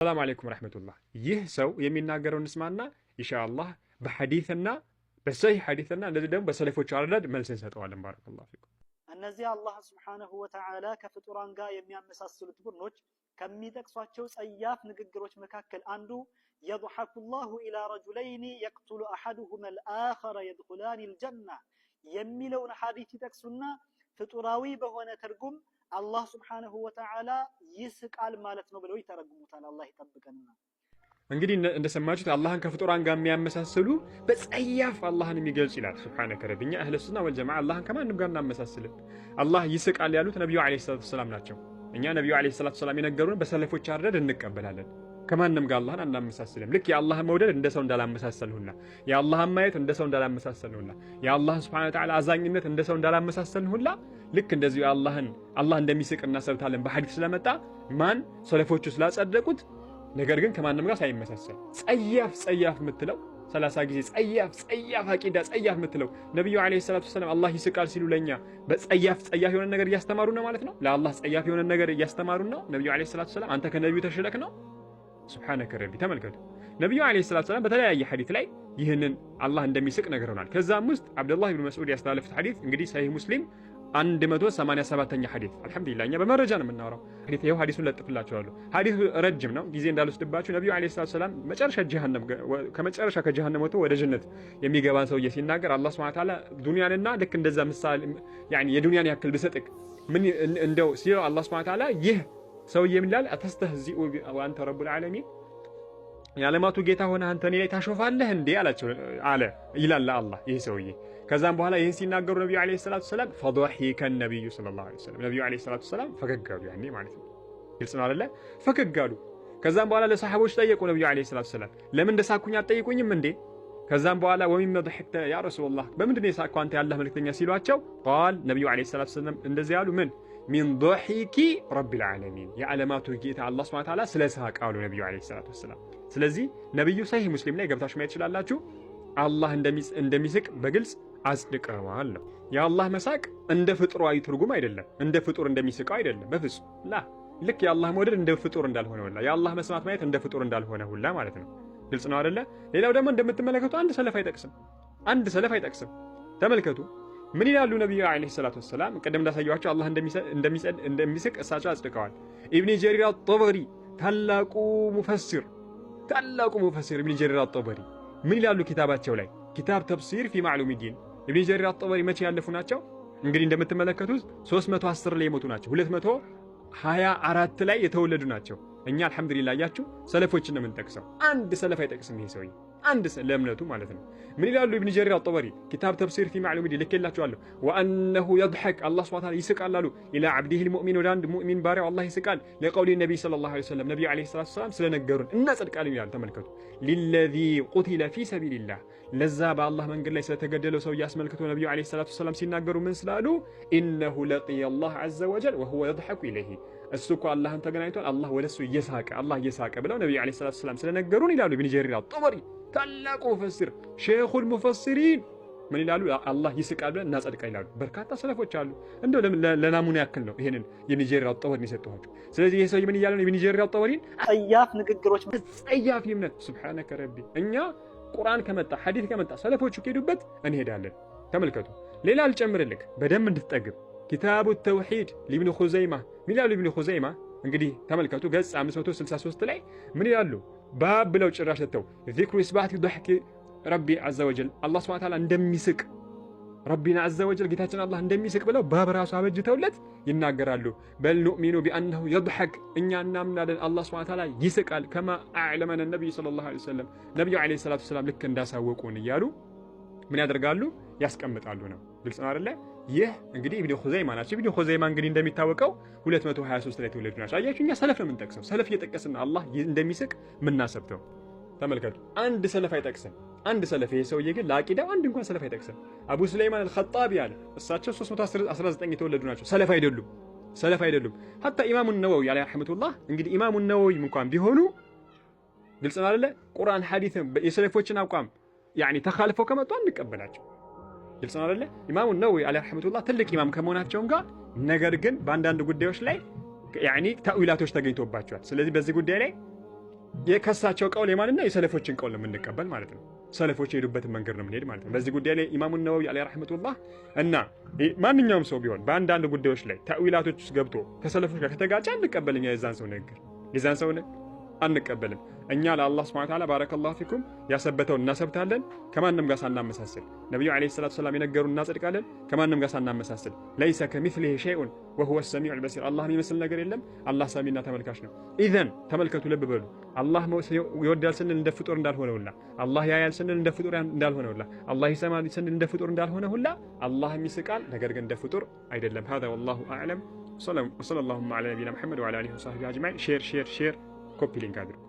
ሰላም አለይኩም ረሕመቱላህ። ይህ ሰው የሚናገረው እንስማና ኢንሻአላህ በሐዲትና በሰሂህ ሐዲትና እንደዚህ ደግሞ በሰለፎች አረዳድ መልስ እንሰጠዋለን። ባረከላሁ ፊኩም። እነዚህ አላህ ስብሓነሁ ወተዓላ ከፍጡራን ጋር የሚያመሳስሉት ቡድኖች ከሚጠቅሷቸው ጸያፍ ንግግሮች መካከል አንዱ የድሐኩ ላሁ ኢላ ረጁለይኒ የቅቱሉ አሐዱሁማ ልአኸረ የድኹላኒ ልጀና የሚለውን ሐዲስ ይጠቅሱና ፍጡራዊ በሆነ ትርጉም አላህ ስብሓንሁ ወተዓላ ይስቃል ማለት ነው ብለው ይተረጉሙታል። አላህ ይጠብቀንና እንግዲህ እንደሰማችሁት አላህን ከፍጡራን ጋር የሚያመሳስሉ በጸያፍ አላህን የሚገልጽ ይላል። ስብሓነከ ረቢኛ እህለ ሱና ወልጀማ አላህን ከማንም ጋር እናመሳስልም። አላህ ይስቃል ያሉት ነቢዩ ዓለይሂ ሰላቱ ሰላም ናቸው። እኛ ነቢዩ ዓለይሂ ሰላቱ ሰላም የነገሩን በሰለፎች አረድ እንቀበላለን። ከማንም ጋር አላህን አናመሳስልም። ልክ የአላህን መውደድ እንደ ሰው እንዳላመሳሰልንሁና የአላህን ማየት እንደ ሰው እንዳላመሳሰልንሁና የአላህን ስብሓነ ወተዓላ አዛኝነት እንደ ሰው እንዳላመሳሰልንሁላ ልክ እንደዚሁ አላህን አላህ እንደሚስቅ እናሰብታለን በሐዲስ ስለመጣ ማን ሰለፎቹ ስላጸደቁት ነገር ግን ከማንም ጋር ሳይመሳሰል ጸያፍ ጸያፍ የምትለው ሰላሳ ጊዜ ጸያፍ ጸያፍ አቂዳ ጸያፍ የምትለው ነቢዩ ዓለይሂ ሰላቱ ወሰላም አላህ ይስቃል ሲሉ ለእኛ በጸያፍ ጸያፍ የሆነ ነገር እያስተማሩ ነው ማለት ነው። ለአላህ ጸያፍ የሆነ ነገር እያስተማሩ ነው። ነቢዩ ዓለይሂ ሰላቱ ወሰላም አንተ ከነቢዩ ተሽረክ ነው። ሱብሓነከ ረቢ። ተመልከቱ ነቢዩ ዓለይሂ ሰላቱ ወሰላም በተለያየ ሐዲት ላይ ይህንን አላህ እንደሚስቅ ነግረውናል። ከዛም ውስጥ አብደላህ ብን መስዑድ ያስተላለፉት ሐዲት እንግዲህ ሰሂህ ሙስሊም 187ኛ ሐዲስ አልሐምዱሊላህ፣ እኛ በመረጃ ነው የምናወራው። ይኸው ሐዲሱን ለጥፍላችኋለሁ። ሐዲሱ ረጅም ነው፣ ጊዜ እንዳልወስድባችሁ። ነቢዩ ዓለይሂ ሰላቱ ወሰላም መጨረሻ ጀሃነም ከመጨረሻ ከጀሃነም ወጥቶ ወደ ጀነት የሚገባን ሰውዬ ሲናገር አላህ ሱብሓነሁ ወተዓላ ዱንያንና ልክ እንደዛ ምሳሌ ያኒ የዱንያን ያክል ብሰጥቅ ምን እንደው ሲለው አላህ ሱብሓነሁ ወተዓላ ይህ ሰውዬ ምን ይላል? አተስተህዚኡ አንተ ረቡል ዓለሚን የዓለማቱ ጌታ ሆነ አንተ እኔ ላይ ታሾፋለህ እንዴ አላቸው አለ ይላል አላህ ይህ ሰውዬ ከዛም በኋላ ይህን ሲናገሩ ነቢዩ ዓለይሂ ሰላቱ ሰላም ፈዶሒከ ነቢዩ ሰለላሁ ዓለይሂ ወሰለም ነቢዩ ዓለይሂ ሰላቱ ሰላም ፈገግ አሉ። ያኔ ማለት ነው፣ ግልጽ ነው አይደለ? ፈገግ አሉ። ከዛም በኋላ ለሰሓቦች ጠየቁ ነቢዩ ዓለይሂ ሰላቱ ሰላም ለምን እንደሳኩኝ አትጠይቁኝም እንዴ? ከዛም በኋላ ወሚመ ዶሒክተ ያ ረሱሉላህ በምንድን ነው አንተ ያላህ መልክተኛ ሲሏቸው፣ ቃል ነቢዩ ዓለይሂ ሰላቱ ሰላም እንደዚህ አሉ። ምን ሚን ዶሒኪ ረቢል ዓለሚን የዓለማቱ ጌታ አላህ ሱብሓነሁ ወተዓላ ስለ ሳቅ አሉ ነቢዩ ዓለይሂ ሰላቱ ሰላም። ስለዚህ ነቢዩ ሰሂህ ሙስሊም ላይ ገብታችሁ ማየት ትችላላችሁ። አላህ እንደሚስቅ በግልጽ አጽድቀዋል ነው። የአላህ መሳቅ እንደ ፍጡራዊ ትርጉም አይደለም፣ እንደ ፍጡር እንደሚስቀው አይደለም በፍጹም ላ ልክ የአላህ መውደድ እንደ ፍጡር እንዳልሆነ ሁላ የአላህ መስማት ማየት እንደ ፍጡር እንዳልሆነ ሁላ ማለት ነው። ግልጽ ነው አደለ? ሌላው ደግሞ እንደምትመለከቱ አንድ ሰለፍ አይጠቅስም፣ አንድ ሰለፍ አይጠቅስም። ተመልከቱ ምን ይላሉ ነቢዩ ዓለይሂ ሰላቱ ወሰላም። ቅድም እንዳሳየኋቸው አላህ እንደሚስቅ እሳቸው አጽድቀዋል። ኢብኒ ጀሪር አጠበሪ ታላቁ ሙፈሲር ታላቁ ሙፈሲር ኢብኒ ጀሪር አጠበሪ ምን ይላሉ ኪታባቸው ላይ ኪታብ ተፍሲር ፊ ማዕሉሚ ዲን ኢብኑ ጀሪር አጠበሪ መቼ ያለፉ ናቸው? እንግዲህ እንደምትመለከቱት 310 ላይ የሞቱ ናቸው። 224 ላይ የተወለዱ ናቸው። እኛ አልሐምዱሊላህ እያችሁ ሰለፎችን ነው የምንጠቅሰው። አንድ ሰለፍ አይጠቅስም ይሄ ሰውዬ። አንድ ለእምነቱ ማለት ነው። ምን ይላሉ ኢብን ጀሪር አጠበሪ ኪታብ ተፍሲር ፊ ማዕሉሚዲ ልኬላቸዋለሁ። ወአነሁ የድሐቅ አላህ ስብሐ ወተዓላ ይስቃል አሉ። ኢላ ዓብዲህ ልሙእሚን ወደ አንድ ሙእሚን ባሪያው አላህ ይስቃል። ለቀውሊ ነቢይ ሰለላሁ ዐለይሂ ወሰለም ነቢዩ ዐለይሂ ሰላቱ ወሰላም ስለነገሩን እናጸድቃለን ይላል። ተመልከቱ። ሊለዚ ቁቲለ ፊ ሰቢልላህ ለዛ በአላህ መንገድ ላይ ስለተገደለው ሰው እያስመልክቶ ነቢዩ ዐለይሂ ሰላቱ ወሰላም ሲናገሩ ምን ስላሉ ኢነሁ ለቂየ ላህ ዐዘ ወጀል ወሁወ የድሐቁ ኢለይህ እሱ እኮ አላህን ተገናኝቷል፣ አላህ ወደ እሱ እየሳቀ አላህ እየሳቀ ብለው ነቢዩ ዐለይሂ ሰላቱ ወሰላም ስለነገሩን ይላሉ ኢብን ጀሪር አጠበሪ ታላቁ ሙፈስር ሼኹል ሙፈስሪን ምን ይላሉ? አላህ ይስቃል ብለን እናጸድቃ ይላሉ። በርካታ ሰለፎች አሉ። እንደው ለናሙና ያክል ነው ይህንን የኒጀሪያው ጠበሪን የሰጠኋቸው። ስለዚህ ይህ ሰው ምን እያለ ነው? የኒጀሪያው ጠበሪን ጸያፍ ንግግሮች፣ ጸያፍ እምነት። ሱብሓነከ ረቢ። እኛ ቁርአን ከመጣ ሐዲት ከመጣ ሰለፎቹ ከሄዱበት እንሄዳለን። ተመልከቱ። ሌላ አልጨምርልክ በደንብ እንድትጠግብ ኪታቡ ተውሒድ ሊብን ኹዘይማ ምን ይላሉ? ኢብን ኹዘይማ እንግዲህ ተመልከቱ ገጽ 563 ላይ ምን ይላሉ? ባብ ብለው ጭራሽ ሰጥተው ዚክሩ ስባት ዶሕኪ ረቢ አዘ ወጀል አላህ ስብሐነ ተዓላ እንደሚስቅ ረቢና አዘ ወጀል ጌታችን አላህ እንደሚስቅ ብለው ባብ ራሱ አበጅተውለት ይናገራሉ። በል ኑእሚኑ ቢአንሁ የድሐክ እኛ እናምናለን አላህ ስብሐነ ተዓላ ይስቃል። ከማ አዕለመነ ነቢዩ ሰለላሁ ዐለይሂ ወሰለም ነቢዩ ዐለይሂ ሰላቱ ወሰላም ልክ እንዳሳወቁን እያሉ ምን ያደርጋሉ? ያስቀምጣሉ ነው። ግልጽ ነው አይደለ? ይህ እንግዲህ ኢብኑ ኹዘይማ ናቸው። ኢብኑ ኹዘይማ እንግዲህ እንደሚታወቀው 223 ላይ ተወለዱ ናቸው። አያችሁ፣ እኛ ሰለፍ ነው የምንጠቅሰው። ሰለፍ እየጠቀስን አላህ እንደሚስቅ የምናሰብተው። ተመልከቱ፣ አንድ ሰለፍ አይጠቅስም። አንድ ሰለፍ ይሄ ሰውዬ ግን ለአቂዳው አንድ እንኳን ሰለፍ አይጠቅስም። አቡ ሱለይማን አልኸጣቢ አለ። እሳቸው 319 የተወለዱ ናቸው። ሰለፍ አይደሉም፣ ሰለፍ አይደሉም። ሀታ ኢማሙ ነወዊ አለይሂ ረሕመቱላህ እንግዲህ ኢማሙ ነወዊ እንኳን ቢሆኑ ግልጽ ነው አይደለ? ቁርአን ሐዲስን የሰለፎችን አቋም ያኒ ተካልፈው ከመጡ አንቀበላቸው ግልጽ ነው አደለ? ኢማሙ ነዊ አለ ረሕመቱላህ ትልቅ ኢማም ከመሆናቸውም ጋር ነገር ግን በአንዳንድ ጉዳዮች ላይ ተዊላቶች ተገኝቶባቸዋል። ስለዚህ በዚህ ጉዳይ ላይ የከሳቸው ቀውል የማንና የሰለፎችን ቀውል የምንቀበል ማለት ነው። ሰለፎች የሄዱበትን መንገድ ነው የምንሄድ ማለት ነው። በዚህ ጉዳይ ላይ ኢማሙ ነወዊ አለ ረሕመቱላህ እና ማንኛውም ሰው ቢሆን በአንዳንድ ጉዳዮች ላይ ተዊላቶች ውስጥ ገብቶ ከሰለፎች ጋር ከተጋጨ አንቀበልም። የዛን ሰው ንግግር የዛን ሰው አንቀበልም። እኛ ለአላህ ስብሐነ ወተዓላ ባረከላሁ ፊኩም ያሰበተውን እናሰብታለን ከማንም ጋር ሳናመሳስል። ነቢዩ ዓለይሂ ሰላቱ ወሰላም የነገሩን እናጸድቃለን ከማንም ጋር ሳናመሳስል። ለይሰ ከሚስሊሂ ሸይኡን ወሁወ ሰሚዑል በሲር። አላህ የሚመስል ነገር የለም። አላህ ሰሚና ተመልካች ነው። ኢዘን ተመልከቱ፣ ልብ በሉ። አላህ ይወዳል ስንል እንደ ፍጡር እንዳልሆነ ሁላ፣ አላህ ያያል ስንል እንደ ፍጡር እንዳልሆነ ሁላ፣ አላህ ይሰማል ስንል እንደ ፍጡር እንዳልሆነ ሁላ፣ አላህም ይስቃል፣ ነገር ግን እንደ ፍጡር አይደለም። ሀዛ ወላሁ አዕለም። ወሰለላሁ ዐላ ነቢይና ሙሐመድ ወዐላ አሊሂ ወሰሕቢሂ አጅማዒን። ሼር ሼር ሼር፣ ኮፒ ሊንክ አድርጉ።